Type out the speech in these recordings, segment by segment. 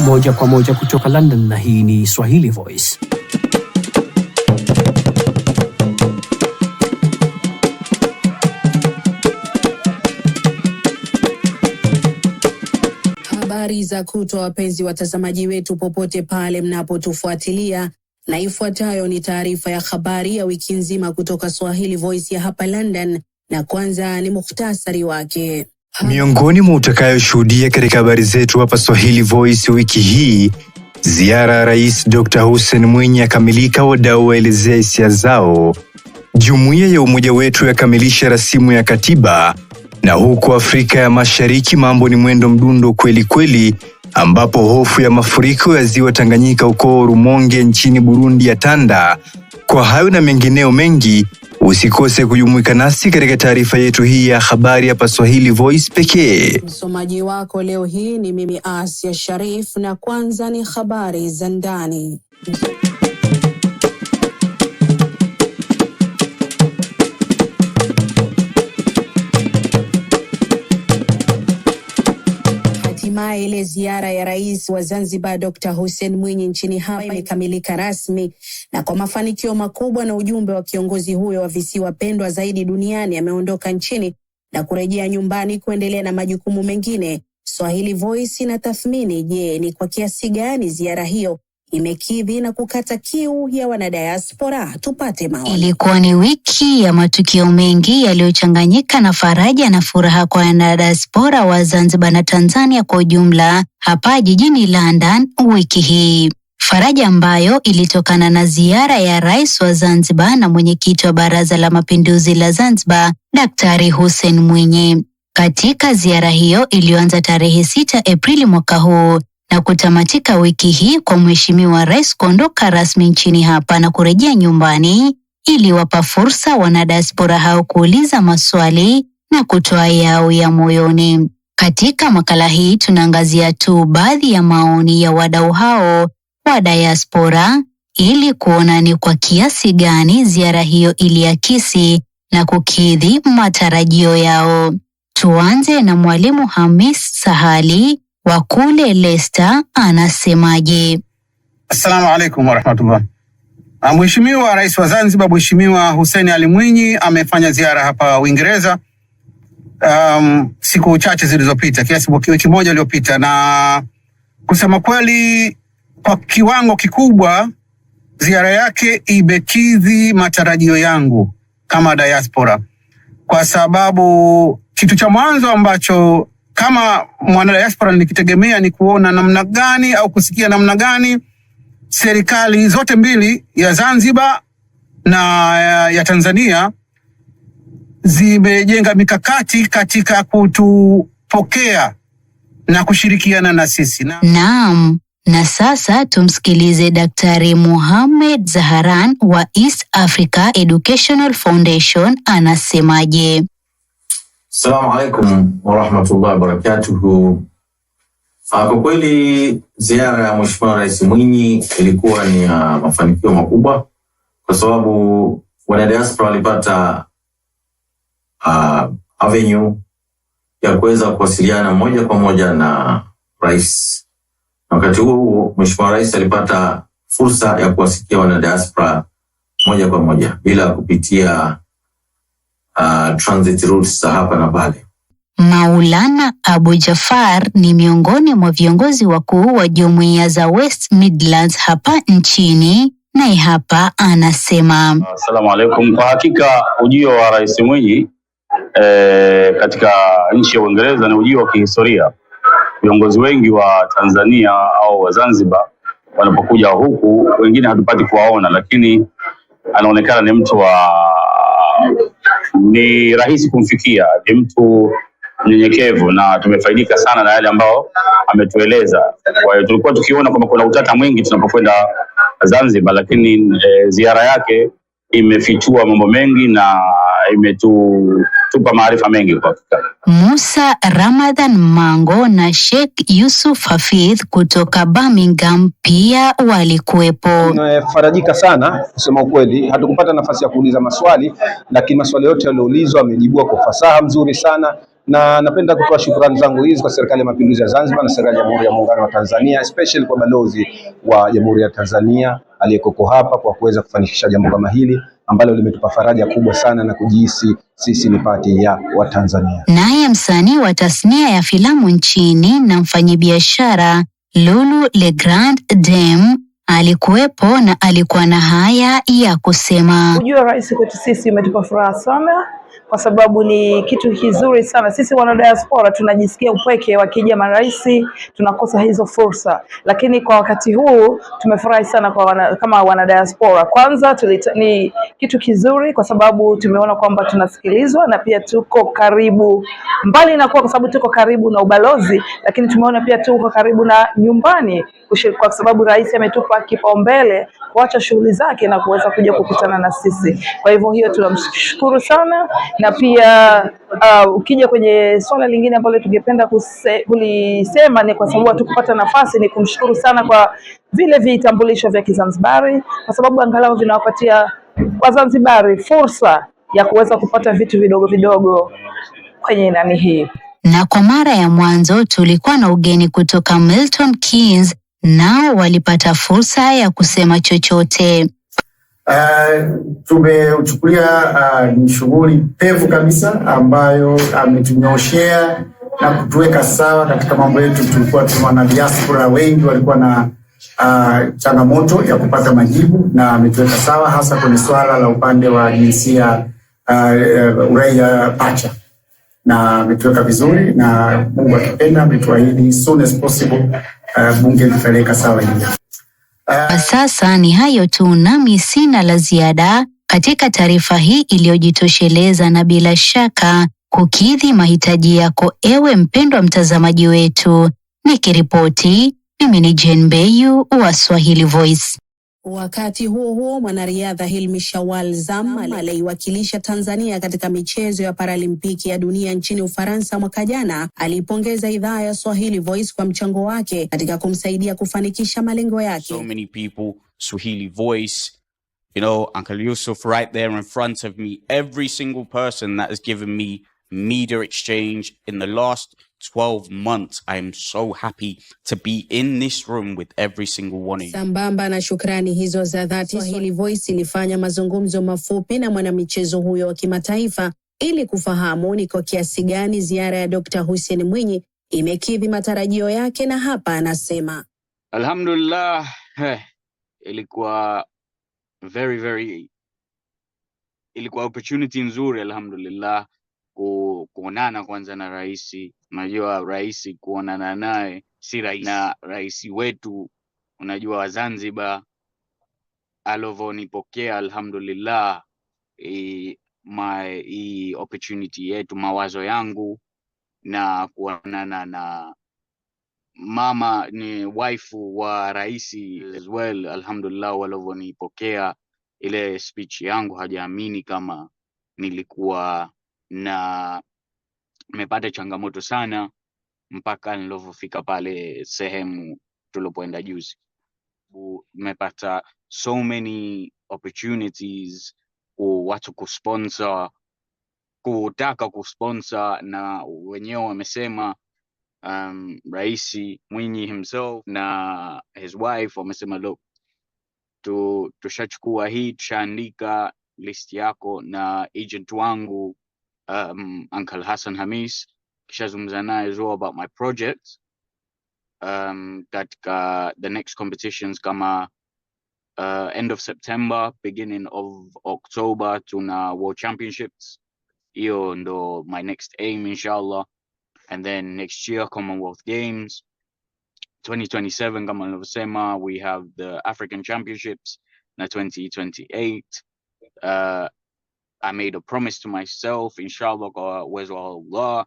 moja kwa moja kutoka London na hii ni Swahili Voice. Habari za kutwa, wapenzi watazamaji wetu popote pale mnapotufuatilia, na ifuatayo ni taarifa ya habari ya wiki nzima kutoka Swahili Voice ya hapa London, na kwanza ni muhtasari wake. Miongoni mwa utakayoshuhudia katika habari zetu hapa Swahili Voice wiki hii, ziara ya Rais Dr. Hussein Mwinyi yakamilika, wadau waelezea hisia zao, jumuiya ya umoja wetu yakamilisha rasimu ya katiba, na huko Afrika ya Mashariki mambo ni mwendo mdundo kweli kweli, ambapo hofu ya mafuriko ya ziwa Tanganyika huko Rumonge nchini Burundi yatanda. Kwa hayo na mengineo mengi Usikose kujumuika nasi katika taarifa yetu hii ya habari hapa Swahili Voice pekee. Msomaji wako leo hii ni mimi Asia Sharif, na kwanza ni habari za ndani. Hatimaye ile ziara ya rais wa Zanzibar Dr. Hussein Mwinyi nchini hapa imekamilika rasmi na kwa mafanikio makubwa, na ujumbe wa kiongozi huyo wa visiwa pendwa zaidi duniani ameondoka nchini na kurejea nyumbani kuendelea na majukumu mengine. Swahili Voice inatathmini, je, ni kwa kiasi gani ziara hiyo imekidhi na kukata kiu ya wanadiaspora. Tupate maoni. Ilikuwa ni wiki ya matukio mengi yaliyochanganyika na faraja na furaha kwa wanadiaspora wa Zanzibar na Tanzania kwa ujumla hapa jijini London wiki hii faraja ambayo ilitokana na ziara ya rais wa Zanzibar na mwenyekiti wa Baraza la Mapinduzi la Zanzibar, Daktari Hussein Mwinyi. Katika ziara hiyo iliyoanza tarehe sita Aprili mwaka huu, na kutamatika wiki hii kwa Mheshimiwa Rais kuondoka rasmi nchini hapa na kurejea nyumbani iliwapa fursa wanadiaspora hao kuuliza maswali na kutoa yao ya moyoni. Katika makala hii tunaangazia tu baadhi ya maoni ya wadau hao wa diaspora ili kuona ni kwa kiasi gani ziara hiyo iliakisi na kukidhi matarajio yao. Tuanze na Mwalimu Hamis Sahali kule Lesta anasemaje? Assalamu alaikum warahmatullah. Ah, Mheshimiwa Rais wa Zanzibar Mheshimiwa Hussein Ali Mwinyi amefanya ziara hapa Uingereza um, siku chache zilizopita, kiasi wiki moja iliyopita, na kusema kweli, kwa kiwango kikubwa ziara yake imekidhi matarajio yangu kama diaspora, kwa sababu kitu cha mwanzo ambacho kama mwanadiaspora nikitegemea ni kuona namna gani au kusikia namna gani serikali zote mbili ya Zanzibar na ya Tanzania zimejenga mikakati katika kutupokea na kushirikiana na sisi. Naam. Na sasa tumsikilize Daktari Muhammad Zaharan wa East Africa Educational Foundation anasemaje? Assalamu alaikum warahmatullahi wabarakatuhu. Ah, kwa kweli ziara ya Mheshimiwa Rais Mwinyi ilikuwa ni ya mafanikio makubwa kwa sababu wanadiaspora walipata uh, avenue ya kuweza kuwasiliana moja kwa moja na rais, na wakati huo huo Mheshimiwa Rais alipata fursa ya kuwasikia wanadiaspora moja kwa moja bila kupitia Uh, transit routes za hapa na pale. Maulana Abu Jafar ni miongoni mwa viongozi wakuu wa jumuiya za West Midlands hapa nchini, naye hapa anasema asalamu alaikum. Kwa hakika ujio wa Rais Mwinyi e, katika nchi ya Uingereza ni ujio wa kihistoria. Viongozi wengi wa Tanzania au wa Zanzibar wanapokuja huku, wengine hatupati kuwaona, lakini anaonekana ni mtu wa ni rahisi kumfikia, ni mtu mnyenyekevu na tumefaidika sana na yale ambao ametueleza. Kwa hiyo tulikuwa tukiona kwamba kuna utata mwingi tunapokwenda Zanzibar, lakini e, ziara yake imefichua mambo mengi na imetu ametupa maarifa mengi kwa hakika. Musa Ramadhan Mango na Sheikh Yusuf Hafidh kutoka Birmingham pia walikuwepo. Tunafarajika sana kusema ukweli, hatukupata nafasi ya kuuliza maswali, lakini maswali yote yaliyoulizwa amejibua kwa ufasaha mzuri sana na napenda kutoa shukrani zangu hizi kwa serikali ya mapinduzi ya Zanzibar na serikali ya Jamhuri ya Muungano wa Tanzania, especially kwa balozi wa Jamhuri ya Tanzania aliyekoko hapa kwa kuweza kufanikisha jambo kama hili ambalo limetupa faraja kubwa sana na kujihisi sisi ni pati ya Watanzania. Naye msanii wa tasnia ya filamu nchini na mfanyabiashara Lulu Legrand Dame alikuwepo na alikuwa na haya ya kusema. Kujua rais kwetu sisi umetupa furaha sana kwa sababu ni kitu kizuri sana. Sisi wana diaspora tunajisikia upweke, wakija marais tunakosa hizo fursa, lakini kwa wakati huu tumefurahi sana kwa wana, kama wana diaspora. Kwanza tulita, ni kitu kizuri kwa sababu tumeona kwamba tunasikilizwa na pia tuko karibu, mbali na kuwa kwa sababu tuko karibu na ubalozi, lakini tumeona pia tuko karibu na nyumbani kwa sababu rais ametupa kipaumbele kuacha shughuli zake na kuweza kuja kukutana na sisi. Kwa hivyo hiyo tunamshukuru sana, na pia uh, ukija kwenye swala lingine ambalo tungependa kulisema ni kwa sababu hatukupata nafasi, ni kumshukuru sana kwa vile vitambulisho vya Kizanzibari kwa sababu angalau vinawapatia Wazanzibari fursa ya kuweza kupata vitu vidogo vidogo kwenye nani hii. Na kwa mara ya mwanzo tulikuwa na ugeni kutoka Milton Keynes nao walipata fursa ya kusema chochote. Uh, tumeuchukulia uh, ni shughuli pevu kabisa ambayo ametunyoshea uh, na kutuweka sawa katika mambo yetu. Tulikuwa tuna diaspora wengi walikuwa na uh, changamoto ya kupata majibu na ametuweka sawa hasa kwenye swala la upande wa jinsia uh, uh, uraia pacha na ametuweka vizuri, na Mungu akipenda ametuahidi soon as possible uh, bunge litaweka sawa hili. Kwa uh, sasa ni hayo tu, nami sina la ziada katika taarifa hii iliyojitosheleza na bila shaka kukidhi mahitaji yako, ewe mpendwa mtazamaji wetu. Nikiripoti mimi ni Jane Beyu wa Swahili Voice. Wakati huo huo, mwanariadha Hilmi Shawal Zam aliyeiwakilisha Tanzania katika michezo ya Paralimpiki ya dunia nchini Ufaransa mwaka jana aliipongeza idhaa ya Swahili Voice kwa mchango wake katika kumsaidia kufanikisha malengo yake. So many people, Swahili Voice, you know, Uncle Yusuf right there in front of me, every single person that has given me media exchange in the last 12 months. I am so happy to be in this room with every single one of you. Sambamba na shukrani hizo za dhati, Swahili Voice ilifanya mazungumzo mafupi na mwanamichezo huyo wa kimataifa ili kufahamu ni kwa kiasi gani ziara ya Dr. Hussein Mwinyi imekidhi matarajio yake, na hapa anasema alhamdulillah, eh, ilikuwa very, very, ilikuwa opportunity nzuri alhamdulillah ku, kuonana kwanza na rais. Unajua rais kuonana naye si rais, na rais wetu unajua wa Zanzibar alivyonipokea alhamdulillah, hii opportunity yetu mawazo yangu na kuonana na mama ni waifu wa rais as well, alhamdulillah, walivyonipokea ile speech yangu, hajaamini kama nilikuwa na nimepata changamoto sana mpaka nilivyofika pale sehemu tulipoenda juzi. Nimepata so many opportunities ku watu kusponsor, kutaka kusponsor na wenyewe wamesema um, Rais Mwinyi himself na his wife wamesema look, tu tushachukua hii, tushaandika list yako na agent wangu um, Uncle Hassan Hamis, kishazungumza naye as well about my project um, katika the next competitions kama uh, end of September beginning of October tuna World Championships. Hiyo ndo my next aim inshallah, and then next year Commonwealth Games 2027 kama nilivyosema, we have the African Championships na 2028 uh, I made a promise to myself, inshallah, where's Allah,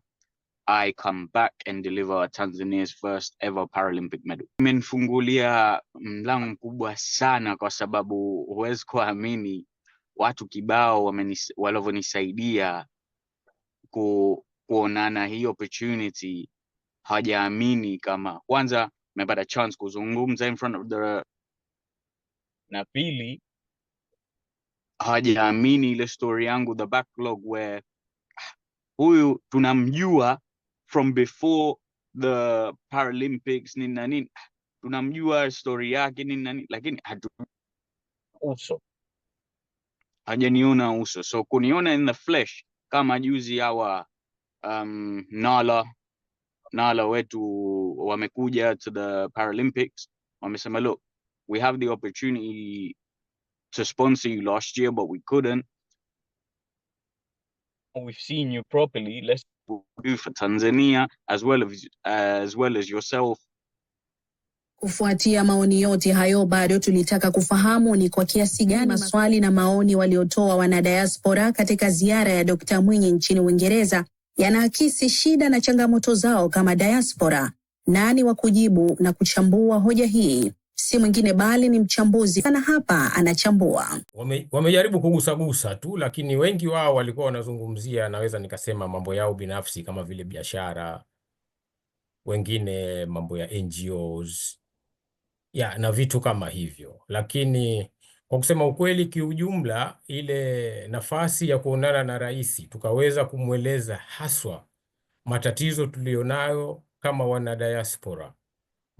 I come back and deliver Tanzania's first ever Paralympic medal. Imenifungulia mlango mm, mkubwa sana kwa sababu huwezi kuamini watu kibao walivyonisaidia ku, kuonana hii opportunity. Hawajaamini kama kwanza nimepata chance kuzungumza in front of the, na pili hawajaamini ile story yangu the backlog, where huyu tunamjua from before the Paralympics nini na nini, tunamjua story yake nini na nini, lakini hatu uso hajaniona uso, so kuniona in the flesh kama juzi hawa um, Nala Nala wetu wamekuja to the Paralympics, wamesema look we have the opportunity to sponsor you last year, but we couldn't. We've seen you properly. Let's do for Tanzania as well as, as well as yourself. Kufuatia maoni yote hayo, bado tulitaka kufahamu ni kwa kiasi gani maswali na maoni waliotoa wanadiaspora katika ziara ya Dokta Mwinyi nchini Uingereza yanaakisi shida na changamoto zao kama diaspora. Nani wa kujibu na kuchambua hoja hii? si mwingine bali ni mchambuzi sana hapa, anachambua. Wame, wamejaribu kugusagusa tu, lakini wengi wao walikuwa wanazungumzia, naweza nikasema mambo yao binafsi kama vile biashara, wengine mambo ya NGOs ya na vitu kama hivyo, lakini kwa kusema ukweli, kiujumla, ile nafasi ya kuonana na rais tukaweza kumweleza haswa matatizo tuliyonayo kama diaspora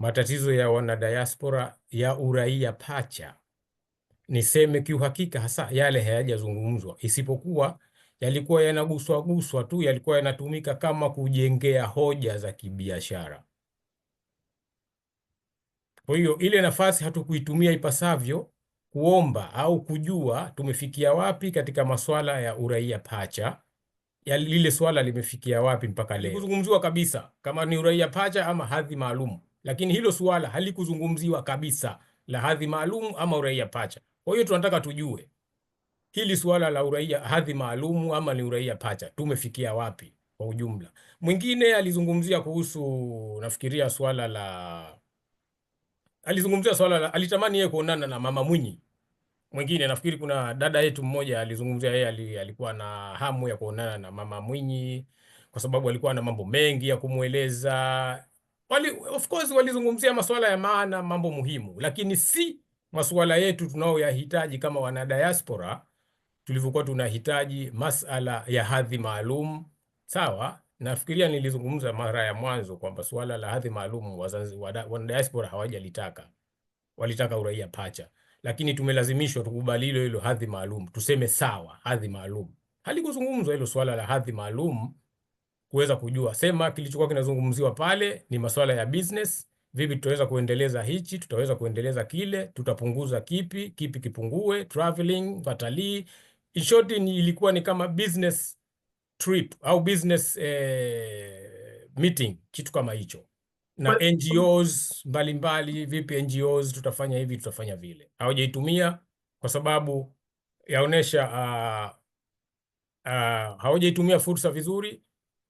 matatizo ya wanadiaspora ya uraia pacha. Niseme kiuhakika, hasa yale hayajazungumzwa, isipokuwa yalikuwa yanaguswaguswa tu, yalikuwa yanatumika kama kujengea hoja za kibiashara. Kwa hiyo ile nafasi hatukuitumia ipasavyo kuomba au kujua tumefikia wapi katika masuala ya uraia pacha ya lile swala limefikia wapi mpaka leo, kuzungumziwa kabisa kama ni uraia pacha ama hadhi maalum lakini hilo suala halikuzungumziwa kabisa la hadhi maalum ama uraia pacha. Kwa hiyo tunataka tujue hili suala la uraia hadhi maalum ama ni uraia pacha, tumefikia wapi kwa ujumla? Mwingine alizungumzia kuhusu, nafikiria suala la alizungumzia swala la alitamani yeye kuonana na mama Mwinyi. Mwingine nafikiri kuna dada yetu mmoja alizungumzia yeye alikuwa na hamu ya kuonana na mama Mwinyi kwa sababu alikuwa na mambo mengi ya kumweleza wali, of course walizungumzia masuala ya maana, mambo muhimu, lakini si masuala yetu tunaoyahitaji kama wanadiaspora tulivyokuwa tunahitaji masala ya hadhi maalum. Sawa, nafikiria nilizungumza mara ya mwanzo kwamba suala la hadhi maalum wanadiaspora hawajalitaka, walitaka uraia pacha, lakini tumelazimishwa tukubali hilo hilo hadhi maalum, tuseme sawa, hadhi maalum. Halikuzungumzwa hilo suala la hadhi maalum kuweza kujua sema kilichokuwa kinazungumziwa pale ni masuala ya business. Vipi tutaweza kuendeleza hichi, tutaweza kuendeleza kile, tutapunguza kipi, kipi kipungue, traveling, watalii. In short, ni ilikuwa ni kama business trip au business eh, meeting, kitu kama hicho na But, NGOs mbalimbali mbali, vipi NGOs tutafanya hivi tutafanya vile. Hawajaitumia kwa sababu yaonesha uh, uh, hawajaitumia fursa vizuri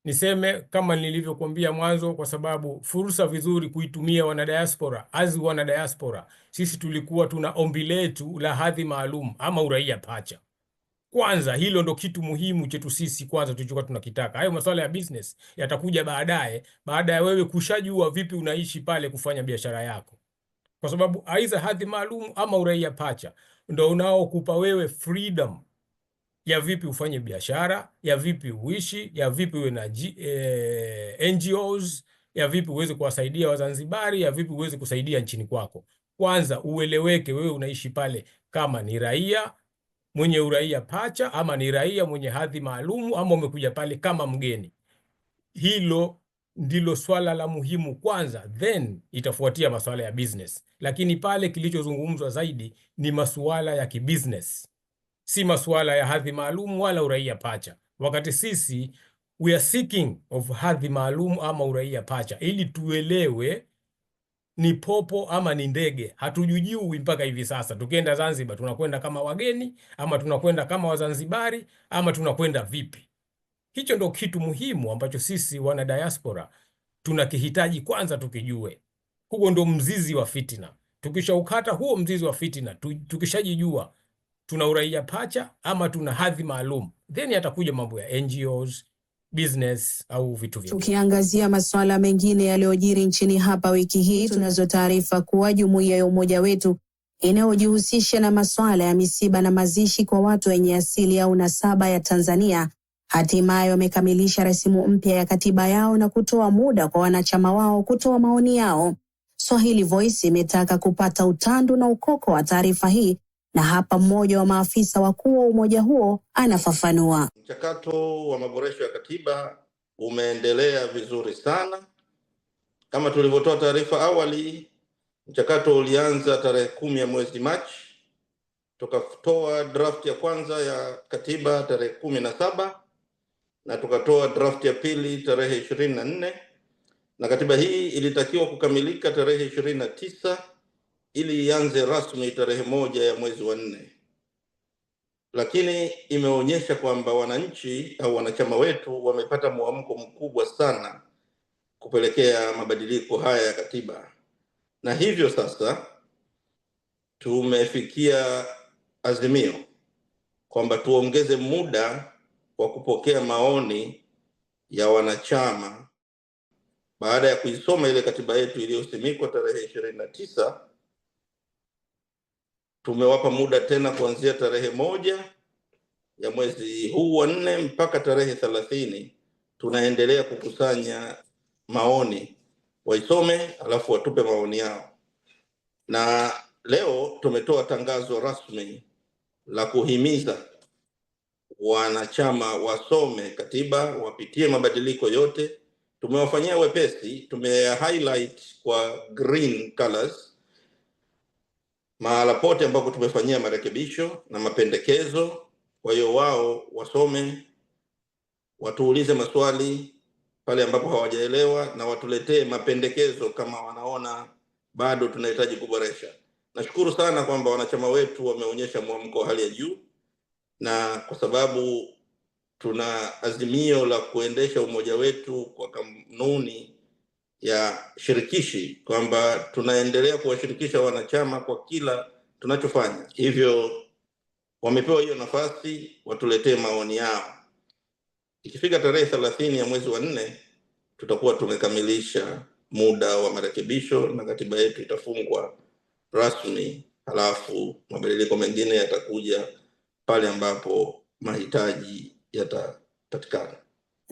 Niseme kama nilivyokuambia mwanzo, kwa sababu fursa vizuri kuitumia wanadiaspora. Azi wanadiaspora, sisi tulikuwa tuna ombi letu la hadhi maalum ama uraia pacha. Kwanza hilo ndo kitu muhimu chetu sisi, kwanza tulichokuwa tunakitaka. Hayo masuala ya business yatakuja baadaye, baada ya wewe kushajua vipi unaishi pale kufanya biashara yako, kwa sababu aidha hadhi maalum ama uraia pacha ndo unaokupa wewe freedom ya vipi ufanye biashara, ya vipi uishi, ya vipi uwe na eh, NGOs, ya vipi uweze kuwasaidia Wazanzibari, ya vipi uweze kusaidia nchini kwako. Kwanza ueleweke wewe unaishi pale kama ni raia mwenye uraia pacha ama ni raia mwenye hadhi maalumu ama umekuja pale kama mgeni. Hilo ndilo swala la muhimu kwanza, then itafuatia masuala ya business. Lakini pale kilichozungumzwa zaidi ni masuala ya kibusiness si masuala ya hadhi maalum wala uraia pacha, wakati sisi we are seeking of hadhi maalum ama uraia pacha ili tuelewe ni popo ama ni ndege. Hatujujui mpaka hivi sasa. Tukienda Zanzibar tunakwenda kama wageni ama tunakwenda kama Wazanzibari ama tunakwenda vipi? Hicho ndo kitu muhimu ambacho sisi wana diaspora tunakihitaji kwanza tukijue. Huo ndo mzizi wa fitina. Tukishaukata huo mzizi wa fitina, tukishajijua tuna uraia pacha ama tuna hadhi maalum, then yatakuja mambo ya NGOs business au vitu vingine. Tukiangazia masuala mengine yaliyojiri nchini hapa wiki hii, tunazo taarifa kuwa jumuiya ya Umoja Wetu inayojihusisha na masuala ya misiba na mazishi kwa watu wenye asili au nasaba ya Tanzania hatimaye wamekamilisha rasimu mpya ya katiba yao na kutoa muda kwa wanachama wao kutoa maoni yao. Swahili Voice imetaka kupata utandu na ukoko wa taarifa hii na hapa mmoja wa maafisa wakuu wa umoja huo anafafanua. Mchakato wa maboresho ya katiba umeendelea vizuri sana. Kama tulivyotoa taarifa awali, mchakato ulianza tarehe kumi ya mwezi Machi, tukatoa drafti ya kwanza ya katiba tarehe kumi na saba na tukatoa draft ya pili tarehe ishirini na nne na katiba hii ilitakiwa kukamilika tarehe ishirini na tisa ili ianze rasmi tarehe moja ya mwezi wa nne, lakini imeonyesha kwamba wananchi au wanachama wetu wamepata mwamko mkubwa sana kupelekea mabadiliko haya ya katiba, na hivyo sasa tumefikia azimio kwamba tuongeze muda wa kupokea maoni ya wanachama baada ya kuisoma ile katiba yetu iliyosimikwa tarehe ishirini na tisa Tumewapa muda tena kuanzia tarehe moja ya mwezi huu wa nne mpaka tarehe thelathini. Tunaendelea kukusanya maoni, waisome alafu watupe maoni yao. Na leo tumetoa tangazo rasmi la kuhimiza wanachama wasome katiba, wapitie mabadiliko yote. Tumewafanyia wepesi, tumeya highlight kwa green colors mahala pote ambapo tumefanyia marekebisho na mapendekezo. Kwa hiyo wao wasome, watuulize maswali pale ambapo hawajaelewa, na watuletee mapendekezo kama wanaona bado tunahitaji kuboresha. Nashukuru sana kwamba wanachama wetu wameonyesha mwamko wa hali ya juu, na kwa sababu tuna azimio la kuendesha umoja wetu kwa kanuni ya shirikishi kwamba tunaendelea kuwashirikisha wanachama kwa kila tunachofanya. Hivyo wamepewa hiyo nafasi watuletee maoni yao. Ikifika tarehe thelathini ya mwezi wa nne tutakuwa tumekamilisha muda wa marekebisho na katiba yetu itafungwa rasmi, halafu mabadiliko mengine yatakuja pale ambapo mahitaji yatapatikana.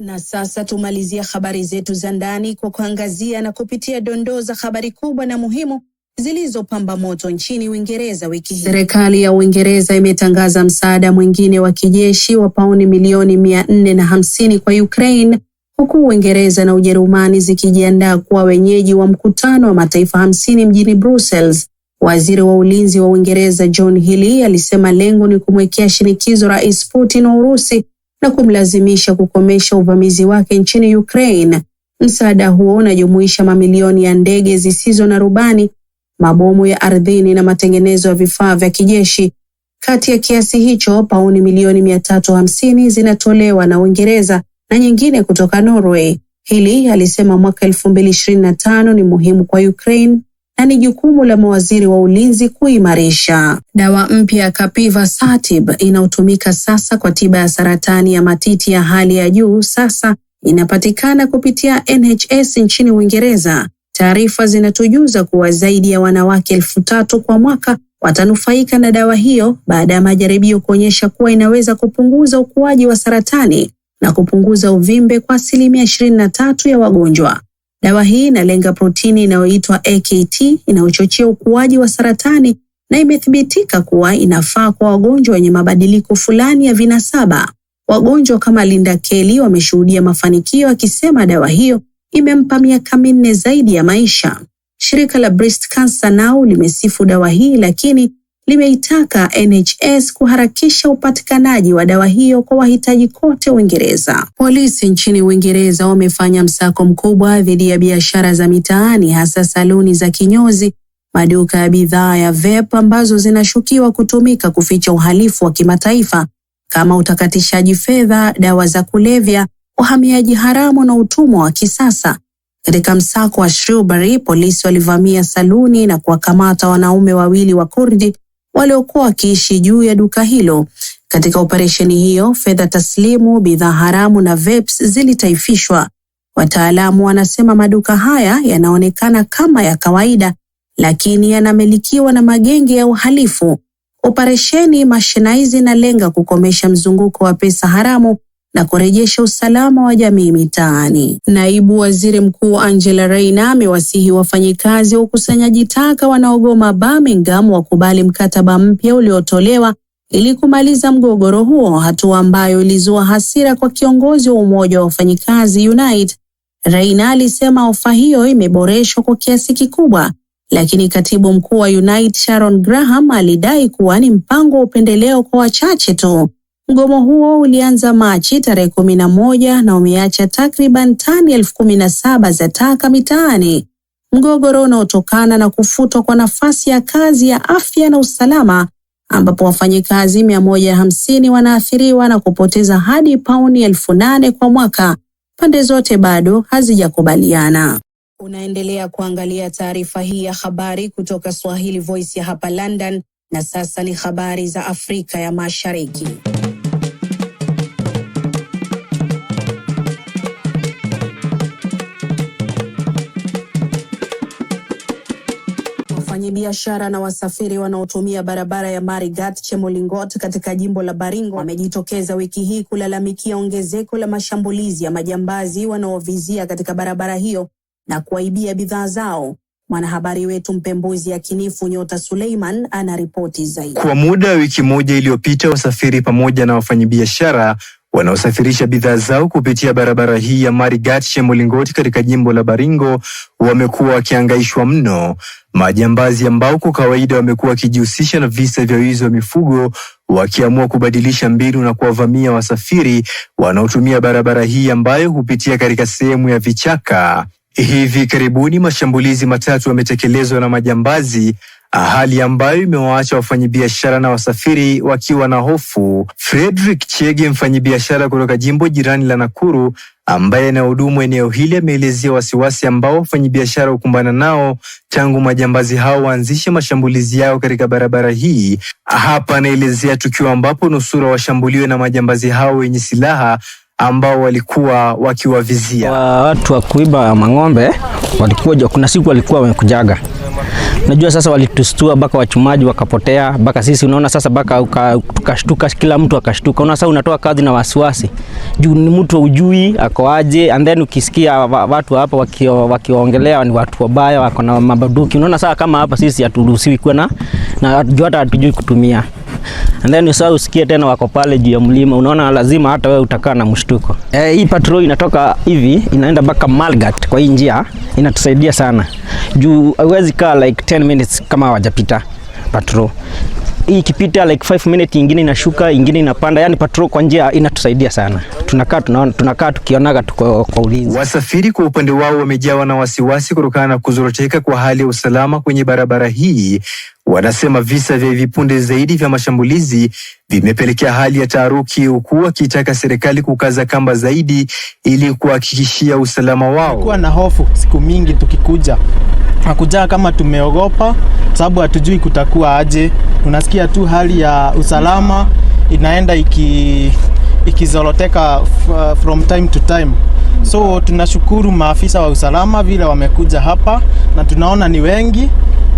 Na sasa tumalizia habari zetu za ndani kwa kuangazia na kupitia dondoo za habari kubwa na muhimu zilizopamba moto nchini Uingereza wiki hii. Serikali ya Uingereza imetangaza msaada mwingine wa kijeshi wa pauni milioni mia nne na hamsini kwa Ukraine huku Uingereza na Ujerumani zikijiandaa kuwa wenyeji wa mkutano wa mataifa hamsini mjini Brussels. Waziri wa ulinzi wa Uingereza John Healey alisema lengo ni kumwekea shinikizo Rais Putin wa Urusi na kumlazimisha kukomesha uvamizi wake nchini Ukraine. Msaada huo unajumuisha mamilioni ya ndege zisizo na rubani, mabomu ya ardhini na matengenezo ya vifaa vya kijeshi. Kati ya kiasi hicho, pauni milioni 350 zinatolewa na Uingereza na nyingine kutoka Norway. Hili alisema mwaka 2025 ni muhimu kwa Ukraine na ni jukumu la mawaziri wa ulinzi kuimarisha. Dawa mpya ya Capiva Satib inayotumika sasa kwa tiba ya saratani ya matiti ya hali ya juu sasa inapatikana kupitia NHS nchini Uingereza. Taarifa zinatujuza kuwa zaidi ya wanawake elfu tatu kwa mwaka watanufaika na dawa hiyo baada ya majaribio kuonyesha kuwa inaweza kupunguza ukuaji wa saratani na kupunguza uvimbe kwa asilimia 23 ya wagonjwa. Dawa hii inalenga protini inayoitwa AKT inayochochea ukuaji wa saratani na imethibitika kuwa inafaa kwa wagonjwa wenye mabadiliko fulani ya vinasaba. Wagonjwa kama Linda Kelly wameshuhudia mafanikio akisema dawa hiyo imempa miaka minne zaidi ya maisha. Shirika la Breast Cancer Now limesifu dawa hii lakini limeitaka NHS kuharakisha upatikanaji wa dawa hiyo kwa wahitaji kote Uingereza. Polisi nchini Uingereza wamefanya msako mkubwa dhidi ya biashara za mitaani, hasa saluni za kinyozi, maduka ya bidhaa ya vape ambazo zinashukiwa kutumika kuficha uhalifu wa kimataifa kama utakatishaji fedha, dawa za kulevya, uhamiaji haramu na utumwa wa kisasa. Katika msako wa Shrewsbury, polisi walivamia saluni na kuwakamata wanaume wawili wa Kurdi waliokuwa wakiishi juu ya duka hilo. Katika operesheni hiyo, fedha taslimu, bidhaa haramu na vapes zilitaifishwa. Wataalamu wanasema maduka haya yanaonekana kama ya kawaida, lakini yanamilikiwa na magenge ya uhalifu. Operesheni Mashinaizi inalenga kukomesha mzunguko wa pesa haramu na kurejesha usalama wa jamii mitaani. Naibu Waziri Mkuu Angela reina amewasihi wafanyikazi wa ukusanyaji taka wanaogoma Birmingham wakubali mkataba mpya uliotolewa ili kumaliza mgogoro huo, hatua ambayo ilizua hasira kwa kiongozi wa umoja wa wafanyikazi Unite. reina alisema ofa hiyo imeboreshwa kwa kiasi kikubwa, lakini katibu mkuu wa Unite Sharon Graham alidai kuwa ni mpango wa upendeleo kwa wachache tu. Mgomo huo ulianza Machi tarehe kumi na moja na umeacha takriban tani elfu kumi na saba za taka mitaani. Mgogoro unaotokana na kufutwa kwa nafasi ya kazi ya afya na usalama ambapo wafanyikazi mia moja hamsini wanaathiriwa na kupoteza hadi pauni elfu nane kwa mwaka. Pande zote bado hazijakubaliana. Unaendelea kuangalia taarifa hii ya habari kutoka Swahili Voice ya hapa London, na sasa ni habari za Afrika ya Mashariki. wafanyabiashara na wasafiri wanaotumia barabara ya Marigat Chemolingot katika jimbo la Baringo wamejitokeza wiki hii kulalamikia ongezeko la mashambulizi ya majambazi wanaovizia katika barabara hiyo na kuaibia bidhaa zao. Mwanahabari wetu mpembuzi kinifu Nyota Suleiman anaripoti zaidi. Kwa muda wa wiki moja iliyopita, wasafiri pamoja na wafanyabiashara wanaosafirisha bidhaa zao kupitia barabara hii ya Marigat Shemolingoti katika jimbo la Baringo wamekuwa wakiangaishwa mno, majambazi ambao kwa kawaida wamekuwa wakijihusisha na visa vya wizi wa mifugo, wakiamua kubadilisha mbinu na kuwavamia wasafiri wanaotumia barabara hii ambayo hupitia katika sehemu ya vichaka. Hivi karibuni mashambulizi matatu yametekelezwa na majambazi Ah, hali ambayo imewaacha wafanyabiashara na wasafiri wakiwa na hofu. Fredrick Chege, mfanyabiashara kutoka jimbo jirani la Nakuru ambaye anahudumu eneo hili, ameelezea wasiwasi ambao wafanyabiashara hukumbana nao tangu majambazi hao waanzishe mashambulizi yao katika barabara hii. Hapa anaelezea tukio ambapo nusura washambuliwe na majambazi hao wenye silaha ambao walikuwa wakiwavizia watu wa kuiba mang'ombe. Walikuja, kuna siku walikuwa wamekujaga Najua sasa walitustua mpaka wachumaji wakapotea, mpaka sisi unaona sasa, mpaka tukashtuka, kila mtu akashtuka. Unaona sasa, unatoa kazi na wasiwasi juu ni mtu ujui ako aje, and then ukisikia watu hapa wakiwaongelea waki ni watu wabaya, wako na mabaduki. Unaona sasa, kama hapa sisi haturuhusiwi kuwa na na hata hatujui kutumia and then usao usikie tena wako pale juu ya mlima, unaona lazima hata wewe utakaa na mshtuko. Eh, hii patrol inatoka hivi inaenda mpaka Malgat. Kwa hii njia inatusaidia sana juu huwezi kaa like 10 minutes kama hawajapita patrol hii ikipita like 5 minutes nyingine inashuka nyingine inapanda, yani patrol kwa njia inatusaidia sana. Tunakaa tunaona tunakaa tukionaga tuko kwa ulinzi. Wasafiri kwa upande wao wamejawa na wasiwasi kutokana na kuzoroteka kwa hali ya usalama kwenye barabara hii, wanasema visa vya hivi punde zaidi vya mashambulizi vimepelekea hali ya taharuki, huku wakitaka serikali kukaza kamba zaidi ili kuhakikishia usalama wao. Kuwa na hofu siku mingi tukikuja hakujaa kama tumeogopa, sababu hatujui kutakuwa aje. Tunasikia tu hali ya usalama inaenda iki ikizoroteka from time to time, so tunashukuru maafisa wa usalama vile wamekuja hapa na tunaona ni wengi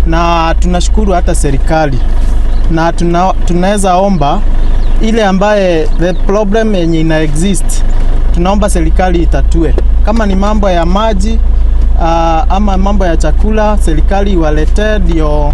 na tunashukuru hata serikali, na tunaweza omba ile ambaye the problem yenye ina exist, tunaomba serikali itatue, kama ni mambo ya maji uh, ama mambo ya chakula, serikali iwaletee ndio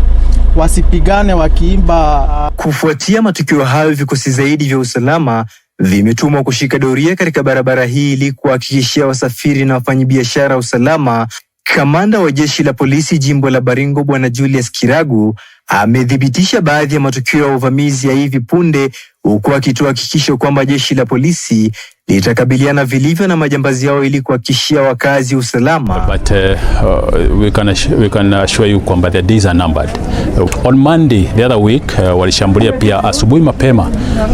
wasipigane wakiimba. Ah. Kufuatia matukio hayo, vikosi zaidi vya usalama vimetumwa kushika doria katika barabara hii ili kuhakikishia wasafiri na wafanyabiashara usalama Kamanda wa jeshi la polisi jimbo la Baringo Bwana Julius Kiragu amethibitisha baadhi ya matukio ya uvamizi ya hivi punde, huku akitoa hakikisho kwamba jeshi la polisi litakabiliana vilivyo na majambazi yao ili kuhakikishia wakazi usalama. But, uh, uh, we can, we can assure you kwamba the days are numbered. Uh, on Monday the other week uh, walishambulia pia asubuhi mapema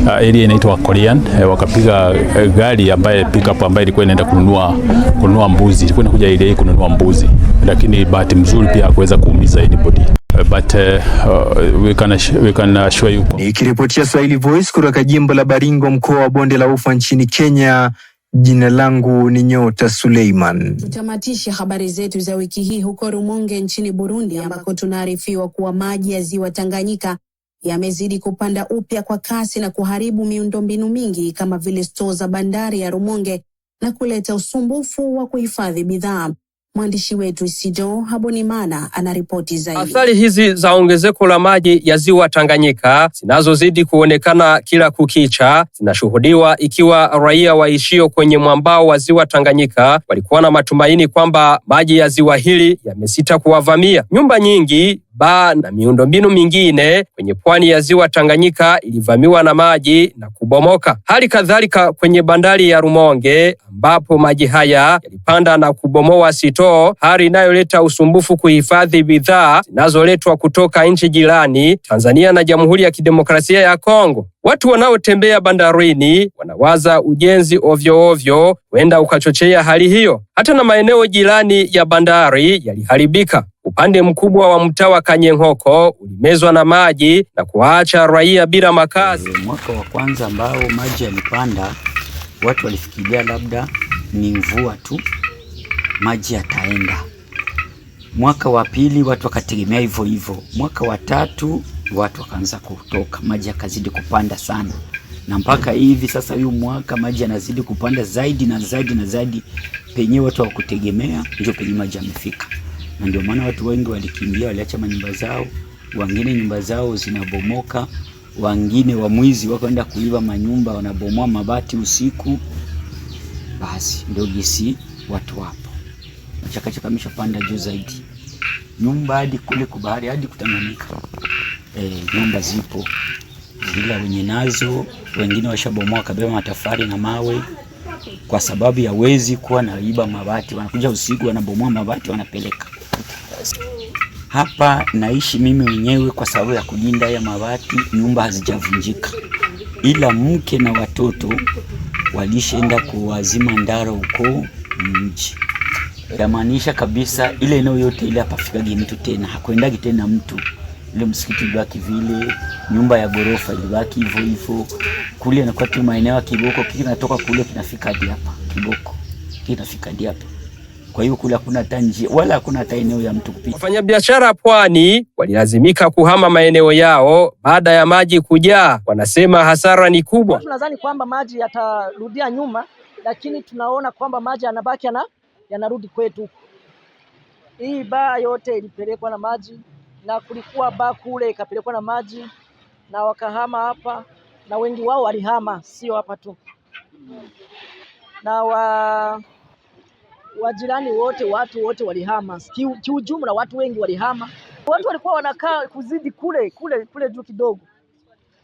uh, area inaitwa Korean uh, wakapiga uh, gari ambaye up ambaye ilikuwa inaenda kununua kununua mbuzi ilikuwa inakuja ile kununua mbuzi, lakini bahati mzuri pia akuweza kuumiza anybody. Eh, but uh, uh, we can we can assure you. Nikiripotia Swahili Voice kutoka jimbo la Baringo mkoa wa Bonde la Ufa nchini Kenya. Jina langu ni Nyota Suleiman. Tutamatishe habari zetu za wiki hii huko Rumonge nchini Burundi, ambako tunaarifiwa kuwa maji ya ziwa Tanganyika yamezidi kupanda upya kwa kasi na kuharibu miundombinu mingi kama vile stoo za bandari ya Rumonge na kuleta usumbufu wa kuhifadhi bidhaa. Mwandishi wetu Sido Habonimana anaripoti zaidi. Athari hizi za ongezeko la maji ya ziwa Tanganyika zinazozidi kuonekana kila kukicha zinashuhudiwa ikiwa raia waishio kwenye mwambao wa ziwa Tanganyika walikuwa na matumaini kwamba maji ya ziwa hili yamesita kuwavamia. Nyumba nyingi baa na miundombinu mingine kwenye pwani ya ziwa Tanganyika ilivamiwa na maji na kubomoka. Hali kadhalika kwenye bandari ya Rumonge ambapo maji haya yalipanda na kubomoa sitoo, hali inayoleta usumbufu kuhifadhi bidhaa zinazoletwa kutoka nchi jirani Tanzania na Jamhuri ya Kidemokrasia ya Kongo. Watu wanaotembea bandarini wanawaza ujenzi ovyo ovyo, huenda ukachochea hali hiyo. Hata na maeneo jirani ya bandari yaliharibika. Upande mkubwa wa mtaa wa Kanyenkoko ulimezwa na maji na kuwaacha raia bila makazi. E, mwaka wa kwanza ambao maji yalipanda, watu walifikiria labda ni mvua tu maji yataenda. Mwaka wa pili watu wakategemea hivyo hivyo. Mwaka wa tatu watu wakaanza kutoka, maji yakazidi kupanda sana, na mpaka hivi sasa huyu mwaka maji yanazidi kupanda zaidi na zaidi na zaidi. Penye watu hawakutegemea, ndio penye maji yamefika na ndio maana watu wengi walikimbia, waliacha manyumba zao, wengine nyumba zao zinabomoka, wengine wa mwizi wakaenda kuiba manyumba, wanabomoa mabati usiku. Basi ndio gisi watu wapo. Chakachaka ameshapanda juu zaidi, nyumba hadi kule kwa bahari hadi Kutanganyika. E, eh, nyumba zipo ila wenye nazo wengine washabomoa kabeba matofali na mawe, kwa sababu ya wezi kuwa naiba mabati, wanakuja usiku wanabomoa mabati wanapeleka hapa naishi mimi mwenyewe kwa sababu ya kujinda ya mabati, nyumba hazijavunjika, ila mke na watoto walishaenda kuwazima ndara huko mji. Yamaanisha kabisa ile eneo yote ile hapafikagi mtu tena, hakuendagi tena mtu. Ile msikiti ilibaki vile, nyumba ya gorofa ilibaki hivyo hivyo. Kule anakuwa tu maeneo ya kiboko, kinatoka kule kinafika hadi hapa, kiboko kinafika hadi hapa. Kwa hiyo kula kuna tanje wala hakuna hata eneo ya mtu kupita. Wafanyabiashara pwani walilazimika kuhama maeneo yao baada ya maji kujaa, wanasema hasara ni kubwa. Tunadhani kwamba maji yatarudia nyuma, lakini tunaona kwamba maji yanabaki na yanarudi kwetu. Hii baa yote ilipelekwa na maji, na kulikuwa baa kule ikapelekwa na maji, na wakahama hapa, na wengi wao walihama, sio hapa tu na wa wajirani wote, watu wote walihama kiujumla, ki watu wengi walihama. Watu walikuwa wanakaa kuzidi kule kule kule juu kidogo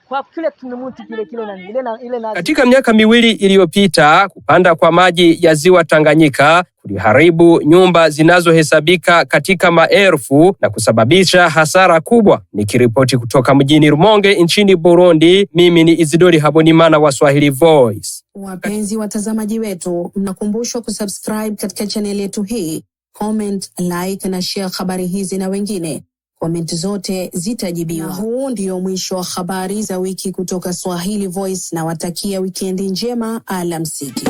kwa kile kinuti, kile, kile na, ile na, ile na. Katika miaka miwili iliyopita kupanda kwa maji ya ziwa Tanganyika kuliharibu nyumba zinazohesabika katika maelfu na kusababisha hasara kubwa. Nikiripoti kutoka mjini Rumonge nchini Burundi, mimi ni Izidori Habonimana wa Swahili Voice. Wapenzi watazamaji wetu, mnakumbushwa kusubscribe katika chaneli yetu hii, comment, like na share habari hizi na wengine. Comment zote zitajibiwa. huu ndio mwisho wa habari za wiki kutoka Swahili Voice, na watakia wikendi njema, alamsiki.